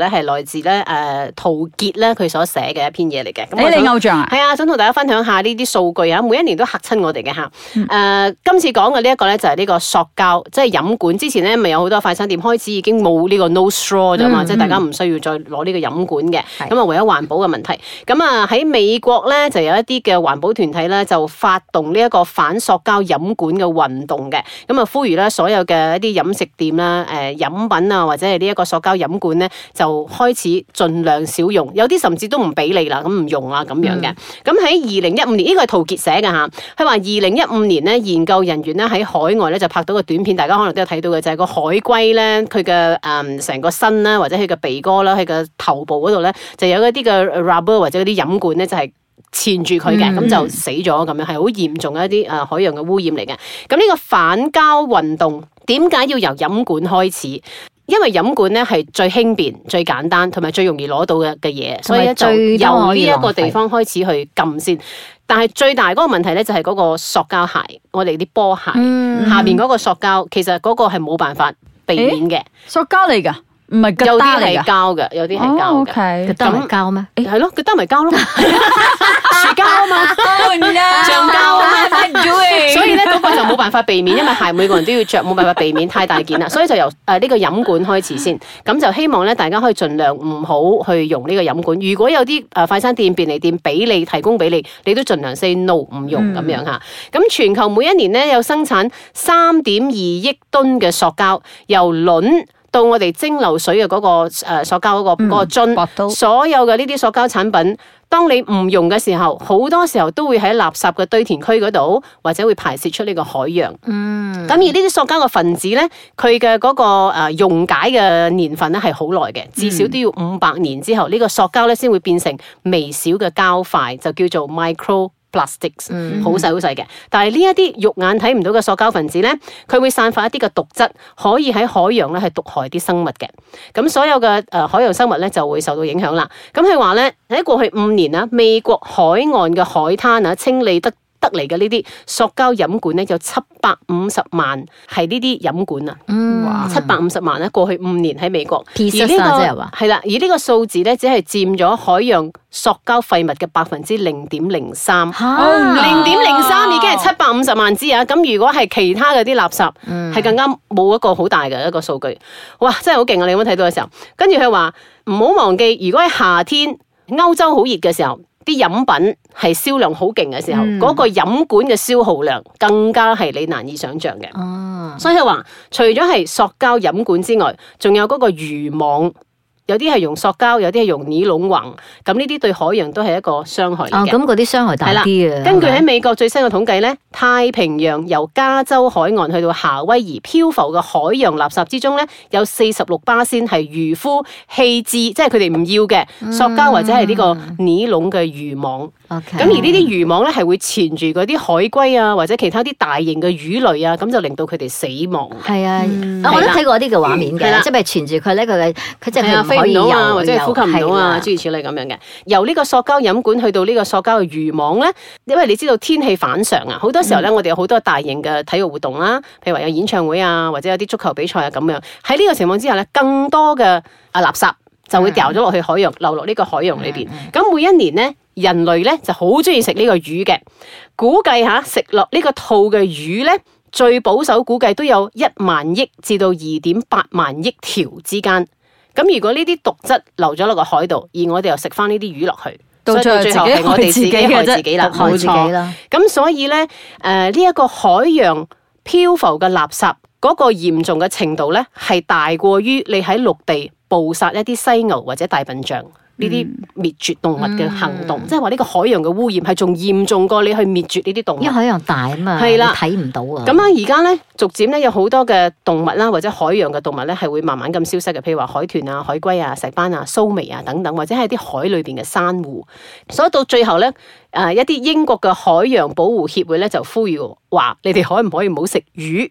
咧係來自咧誒、呃、陶傑咧佢所寫嘅一篇嘢嚟嘅。我哋偶像？係啊，想同大家分享下呢啲數據啊，每一年都嚇親我哋嘅嚇。誒、呃，今次講嘅呢一個咧就係呢個塑膠即係飲管。之前咧咪有好多快餐店開始已經冇呢個 no straw 啫嘛、嗯，嗯、即係大家唔需要再攞呢個飲管嘅。咁啊、嗯，為咗環保嘅問題，咁啊喺美國咧就有一啲嘅環保團體咧就發動呢一個反塑膠飲管嘅運動嘅。咁啊，呼籲咧所有嘅一啲飲食店啦、誒飲品啊或者係呢一個塑膠飲管咧就。就開始盡量少用，有啲甚至都唔俾你啦，咁唔用啊咁樣嘅。咁喺二零一五年，呢、這個係陶傑寫嘅嚇。佢話二零一五年咧，研究人員咧喺海外咧就拍到個短片，大家可能都有睇到嘅，就係、是、個海龜咧，佢嘅誒成個身啦，或者佢嘅鼻哥啦，佢嘅頭部嗰度咧，就有一啲嘅 rubber 或者嗰啲飲管咧，就係纏住佢嘅，咁、hmm. 就死咗咁樣，係好嚴重嘅一啲誒海洋嘅污染嚟嘅。咁呢個反膠運動點解要由飲管開始？因為飲管咧係最輕便、最簡單同埋最容易攞到嘅嘅嘢，所以咧就由呢一個地方開始去撳先。但係最大嗰個問題咧，就係嗰個塑膠鞋，我哋啲波鞋、嗯、下面嗰個塑膠，其實嗰個係冇辦法避免嘅、欸。塑膠嚟㗎，唔係膠啲㗎，膠嘅有啲係膠嘅。膠咩？係咯，膠咪膠咯，樹膠啊嘛，橡膠啊嘛。冇辦法避免，因為鞋每個人都要着。冇辦法避免太大件啦。 所以就由誒呢個飲管開始先，咁就希望咧，大家可以儘量唔好去用呢個飲管。如果有啲誒快餐店、便利店俾你提供俾你，你都儘量 say no 唔用咁、嗯、樣嚇。咁全球每一年咧有生產三點二億噸嘅塑膠，由輪到我哋蒸餾水嘅嗰個塑膠嗰、嗰個嗰、嗯、個樽，嗯、所有嘅呢啲塑膠產品。當你唔溶嘅時候，好多時候都會喺垃圾嘅堆填區嗰度，或者會排泄出呢個海洋。嗯，咁而呢啲塑膠嘅分子咧，佢嘅嗰個誒溶解嘅年份咧係好耐嘅，至少都要五百年之後，呢個塑膠咧先會變成微小嘅膠塊，就叫做 micro。Plastics 好細好細嘅，但係呢一啲肉眼睇唔到嘅塑膠分子咧，佢會散發一啲嘅毒質，可以喺海洋咧係毒害啲生物嘅，咁所有嘅誒、呃、海洋生物咧就會受到影響啦。咁佢話咧喺過去五年啊，美國海岸嘅海灘啊清理得。得嚟嘅呢啲塑膠飲管咧，有七百五十萬係呢啲飲管啊！嗯，七百五十萬咧，過去五年喺美國。斯斯而呢、呢個係啦，而呢個數字咧，只係佔咗海洋塑膠廢物嘅百分之零點零三。零點零三已經係七百五十萬支啊！咁、啊、如果係其他嘅啲垃圾，係、嗯、更加冇一個好大嘅一個數據。嗯、哇，真係好勁啊！你有冇睇到嘅時候，跟住佢話唔好忘記，如果喺夏天歐洲好熱嘅時候。啲飲品係銷量好勁嘅時候，嗰、嗯、個飲管嘅消耗量更加係你難以想像嘅。啊、所以佢話，除咗係塑膠飲管之外，仲有嗰個魚網。有啲係用塑膠，有啲係用尼龍網。咁呢啲對海洋都係一個傷害嚟哦，咁嗰啲傷害大啲嘅。根據喺美國最新嘅統計咧，okay. 太平洋由加州海岸去到夏威夷漂浮嘅海洋垃圾之中咧，有四十六巴仙係漁夫棄置，即係佢哋唔要嘅塑膠或者係呢個尼龍嘅漁網。o 咁、mm hmm. 而呢啲漁網咧係會纏住嗰啲海龜啊，或者其他啲大型嘅魚類啊，咁就令到佢哋死亡。係啊，我都睇過啲嘅畫面嘅， 即係咪纏住佢呢？佢嘅佢就 可以啊，以或者呼吸唔到啊，諸如此類咁樣嘅。由呢個塑膠飲管去到呢個塑膠嘅漁網咧，因為你知道天氣反常啊，好多時候咧，我哋有好多大型嘅體育活動啦，譬如話有演唱會啊，或者有啲足球比賽啊咁樣。喺呢個情況之下咧，更多嘅啊垃圾就會掉咗落去海洋，流落呢個海洋裏邊。咁每一年咧，人類咧就好中意食呢個魚嘅。估計吓食落呢個肚嘅魚咧，最保守估計都有一萬億至到二點八萬億條之間。咁如果呢啲毒質流咗落個海度，而我哋又食翻呢啲魚落去，所以到最後係我哋自己害自己啦，冇錯。咁錯所以咧，誒呢一個海洋漂浮嘅垃圾嗰個嚴重嘅程度咧，係大過於你喺陸地捕殺一啲犀牛或者大笨象。呢啲滅絕動物嘅行動，嗯、即係話呢個海洋嘅污染係仲嚴重過你去滅絕呢啲動物。因為海洋大啊嘛，係啦，睇唔到啊。咁樣，而家咧逐漸咧有好多嘅動物啦，或者海洋嘅動物咧係會慢慢咁消失嘅，譬如話海豚啊、海龜啊、石斑啊、蘇眉啊等等，或者係啲海裏邊嘅珊瑚。所以到最後咧，誒一啲英國嘅海洋保護協會咧就呼籲話：你哋可唔可以唔好食魚？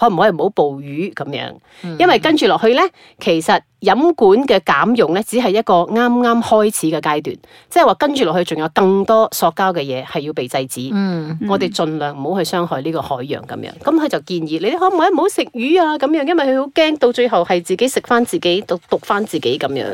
可唔可以唔好捕魚咁樣？因為跟住落去咧，其實飲管嘅減容咧，只係一個啱啱開始嘅階段。即係話跟住落去，仲有更多塑膠嘅嘢係要被制止。嗯嗯、我哋盡量唔好去傷害呢個海洋咁樣。咁佢就建議你哋可唔可以唔好食魚啊？咁樣，因為佢好驚到最後係自己食翻自己，毒毒翻自己咁樣。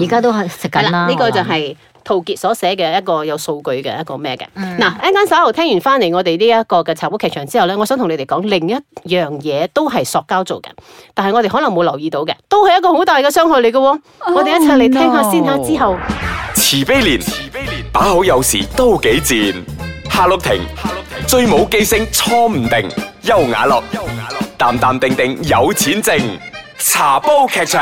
而家、嗯、都係食緊啦。呢了我們 個就係、係。陶傑所寫嘅一個有數據嘅一個咩嘅？嗱、嗯，一啱稍後聽完翻嚟我哋呢一個嘅茶煲劇場之後咧，我想同你哋講另一樣嘢都係塑膠做嘅，但係我哋可能冇留意到嘅，都係一個好大嘅傷害嚟嘅喎。Oh、我哋一齊嚟聽下先下之後、oh、no 慈悲蓮，慈悲蓮把好有時都幾賤，夏綠庭，夏綠庭追舞機星錯唔定，優雅樂，優雅樂淡淡定定,定有錢剩，茶煲劇場。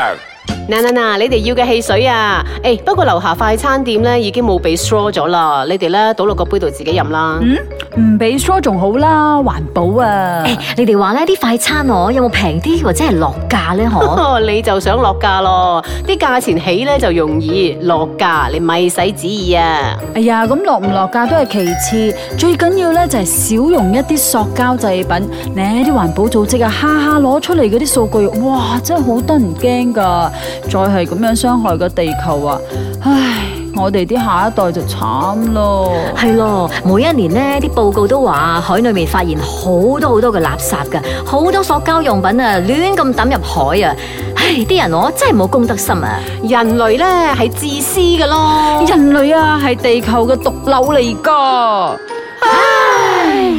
嗱嗱嗱！Na na, 你哋要嘅汽水啊！誒、欸，不過樓下快餐店呢已經冇俾 straw 咗啦，你哋咧倒落個杯度自己飲啦。嗯，唔俾 straw 仲好啦，環保啊！誒、欸，你哋話咧啲快餐嗬，有冇平啲或者係落價咧？嗬， 你就想落價咯？啲價錢起咧就容易，落價 你咪使旨意啊！哎呀，咁落唔落價都係其次，最緊要咧就係少用一啲塑膠製品。你咧啲環保組織啊，哈哈攞出嚟嗰啲數據，哇，真係好得人驚噶！再係咁樣傷害個地球啊！唉，我哋啲下一代就慘咯。係咯， 每一年呢啲報告都話海裏面發現好多好多嘅垃圾噶，好多塑膠用品啊，亂咁抌入海啊！唉，啲人我真係冇公德心啊！人類咧係自私噶咯， 人類啊係地球嘅毒瘤嚟噶！唉，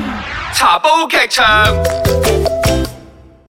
茶煲劇場。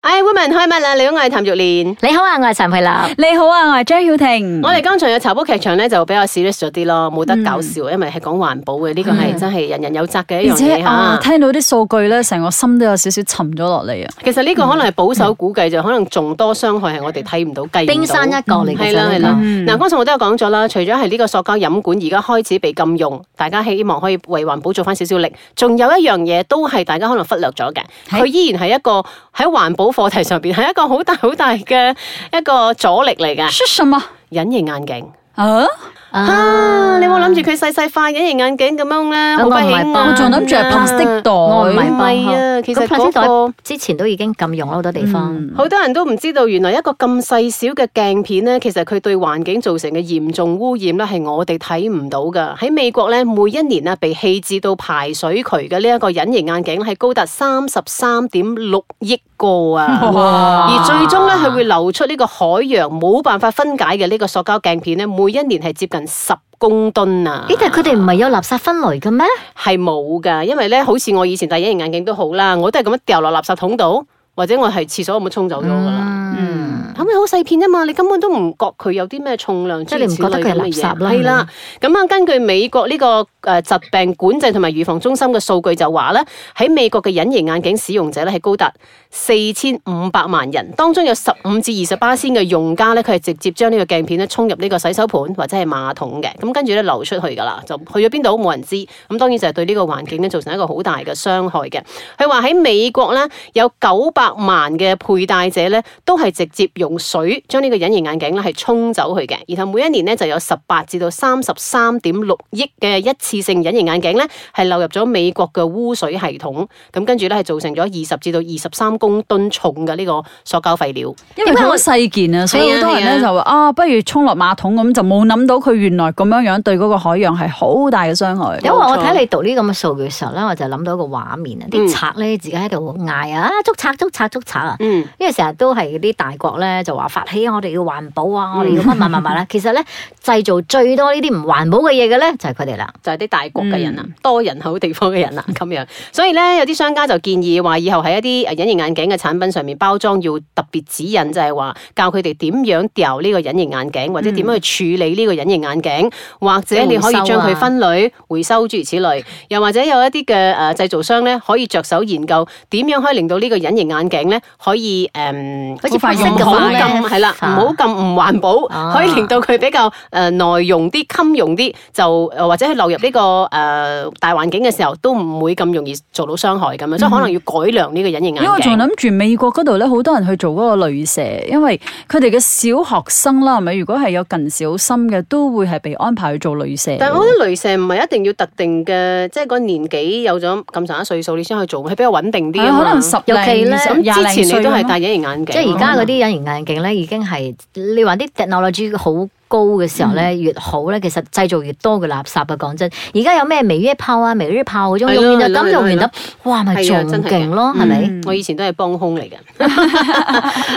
哎，women 開唛啦！你好，我係譚玉蓮。你好啊，我係陳佩立。你好啊，我係張耀婷。我哋剛才嘅茶煲劇場咧就比較 serious 咗啲咯，冇得搞笑，因為係講環保嘅呢，這個係真係人人有責嘅一樣嘢，嗯，啊！啊聽到啲數據咧，成個心都有少少沉咗落嚟啊！其實呢個可能係保守估計就，可能仲多傷害係我哋睇唔到計唔到。冰山一角嚟係啦係啦。嗱，嗯，剛，嗯，才我都有講咗啦，除咗係呢個塑膠飲管而家開始被禁用，大家希望可以為環保做翻少少力，仲有一樣嘢都係大家可能忽略咗嘅，佢依然係一個喺環保。課題上邊係一個好大好大嘅一個阻力嚟㗎。是什麼隱形眼鏡啊，啊？你冇諗住佢細細塊隱形眼鏡咁樣咧，好、嗯、鬼恐怖，我仲諗住係 plastic 袋啊？其實 plastic，那個，袋之前都已經禁用咗好多地方，好、嗯嗯，多人都唔知道原來一個咁細小嘅鏡片咧，其實佢對環境造成嘅嚴重污染咧，係我哋睇唔到噶。喺美國咧，每一年啊被棄置到排水渠嘅呢一個隱形眼鏡係高達三十三點六億。個啊，哇而最終咧佢會流出呢個海洋，冇辦法分解嘅呢個塑膠鏡片咧，每一年係接近十公噸啊！咦、欸，但係佢哋唔係有垃圾分類嘅咩？係冇噶，因為咧，好似我以前戴隱形眼鏡都好啦，我都係咁樣掉落垃圾桶度，或者我係廁所咁樣沖走咗噶啦。嗯嗯係咪好細片啫嘛，你根本都唔覺佢有啲咩重量，即係你唔覺得佢係垃圾啦。係啦的，咁啊、嗯，根據美國呢個誒疾病管制同埋預防中心嘅數據就話咧，喺美國嘅隱形眼鏡使用者咧係高達四千五百萬人，當中有十五至二十八仙嘅用家咧，佢係直接將呢個鏡片咧沖入呢個洗手盆或者係馬桶嘅，咁跟住咧流出去㗎啦，就去咗邊度都冇人知。咁當然就係對呢個環境咧造成一個好大嘅傷害嘅。佢話喺美國咧有九百萬嘅佩戴者咧都係直接用。用水將呢個隱形眼鏡咧係沖走去嘅，然後每一年呢就有十八至到三十三點六億嘅一次性隱形眼鏡咧係流入咗美國嘅污水系統，咁跟住咧係造成咗二十至到二十三公噸重嘅呢個塑膠廢料。因為好細件、嗯、啊，所以好多人咧就話啊，不如沖落馬桶咁，就冇諗到佢原來咁樣樣對嗰個海洋係好大嘅傷害。因為我睇你讀呢咁嘅數據嘅時候咧，我就諗到一個畫面啊，啲賊咧自己喺度嗌啊，捉賊捉賊捉賊啊，因為成日都係啲大國咧。就話發起我哋要環保啊，我哋要乜乜乜乜啦。其實咧製造最多呢啲唔環保嘅嘢嘅咧就係佢哋啦，就係、是、啲大國嘅人啊，嗯、多人口地方嘅人啊咁樣。所以咧有啲商家就建議話以後喺一啲隱形眼鏡嘅產品上面包裝要特別指引就，就係話教佢哋點樣掉呢個隱形眼鏡，或者點樣去處理呢個隱形眼鏡，嗯、或者你可以將佢分類回收諸、啊、如此類。又或者有一啲嘅誒製造商咧可以着手研究點樣可以令到呢個隱形眼鏡咧可以誒，好、嗯、似很快 係啦，唔好咁唔環保，可以令到佢比較誒耐用啲、襟用啲，就或者係流入呢個誒大環境嘅時候，都唔會咁容易做到傷害咁樣，即係可能要改良呢個隱形眼鏡。因為我仲諗住美國嗰度咧，好多人去做嗰個鐳射，因為佢哋嘅小學生啦，係咪？如果係有近小心嘅，都會係被安排去做鐳射。但係我覺得鐳射唔係一定要特定嘅，即係個年紀有咗咁上下歲數，你先可以做，係比較穩定啲，可能十、廿零咁，之前你都係戴隱形眼鏡，即係而家嗰啲隱形眼。環境咧已經係，你話啲科技好高嘅時候咧，越好咧，其實製造越多嘅垃圾啊講真。而家有咩微波泡啊、微波泡嗰種用完就抌，用完就：「哇咪仲勁咯，係咪？我以前都係幫凶嚟嘅。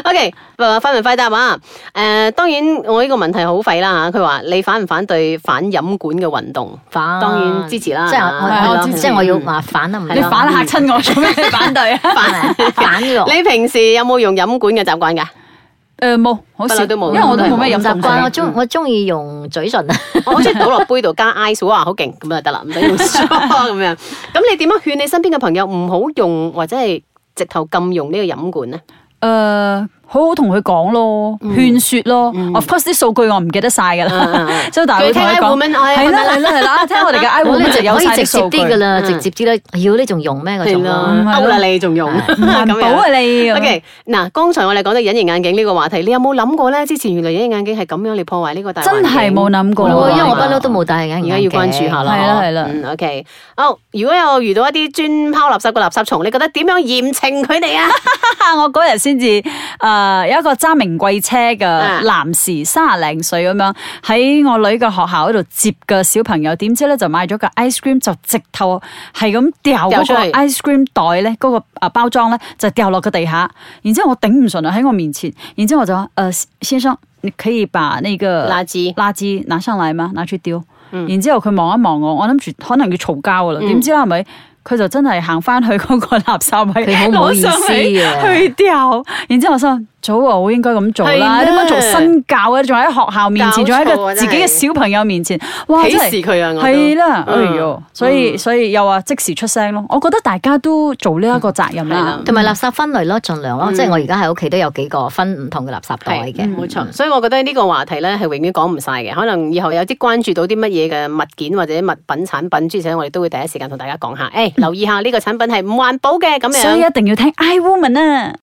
O K，喂，快問快答啊！誒，當然我呢個問題好廢啦吓。佢話你反唔反對反飲管嘅運動？反，當然支持啦。即係我即係我要話反得唔？你反吓親我做咩？反對啊！反，反。你平時有冇用飲管嘅習慣噶？誒，冇、嗯，好少，因為我都冇咩飲習慣。我中我中意用嘴唇啊， 我中意倒落杯度加 ice，哇，好勁咁就得啦，唔使用咁樣。咁 你點樣勸你身邊嘅朋友唔好用或者係直頭禁用個飲呢個飲管咧？誒、uh。好好同佢講咯，勸説咯。我 f 啲數據我唔記得晒㗎啦。即係大會同佢講，係啦係啦係啦，聽我哋嘅 Iwoman 就可以直接啲㗎啦，直接啲啦。妖，你仲用咩嗰種啊？得啦，你仲用？好，係咁樣。O K 嗱，剛才我哋講到隱形眼鏡呢個話題，你有冇諗過咧？之前原來隱形眼鏡係咁樣嚟破壞呢個大環境。真係冇諗過，因為我不嬲都冇戴眼鏡，而家要關注下啦。係啦係啦。O K，哦，如果有遇到一啲專拋垃圾嘅垃圾蟲，你覺得點樣嚴懲佢哋啊？我嗰日先至啊～誒、呃，有一個揸名貴車嘅男士，啊、三十零歲咁樣喺我女嘅學校嗰度接個小朋友，點知咧就買咗個 ice cream，就直頭係咁掉咗個 ice cream 袋咧，嗰、那個誒包裝咧就掉落個地下，然之後我頂唔順啊喺我面前，然之後我就話：誒、呃，先生，你可以把呢、那個垃圾垃圾拿上嚟嗎？拿出丟。嗯、然之後佢望一望我，我諗住可能要嘈交噶啦，點知咧唔係。嗯」佢就真係行翻去嗰個垃圾位，好唔好意思？去掉，然之後我心話：早我應該咁做啦。你做身教，你仲喺學校面前，仲喺個自己嘅小朋友面前，哇！鄙視佢啊！我都係啦，所以所以又話即時出聲咯。我覺得大家都做呢一個責任啦，同埋垃圾分類咯，盡量咯。即係我而家喺屋企都有幾個分唔同嘅垃圾袋嘅。冇錯。所以我覺得呢個話題咧係永遠講唔晒嘅。可能以後有啲關注到啲乜嘢嘅物件或者物品產品，之前我哋都會第一時間同大家講下。誒。留意下呢個產品係唔環保嘅，咁樣。所以一定要聽 I Woman 啊！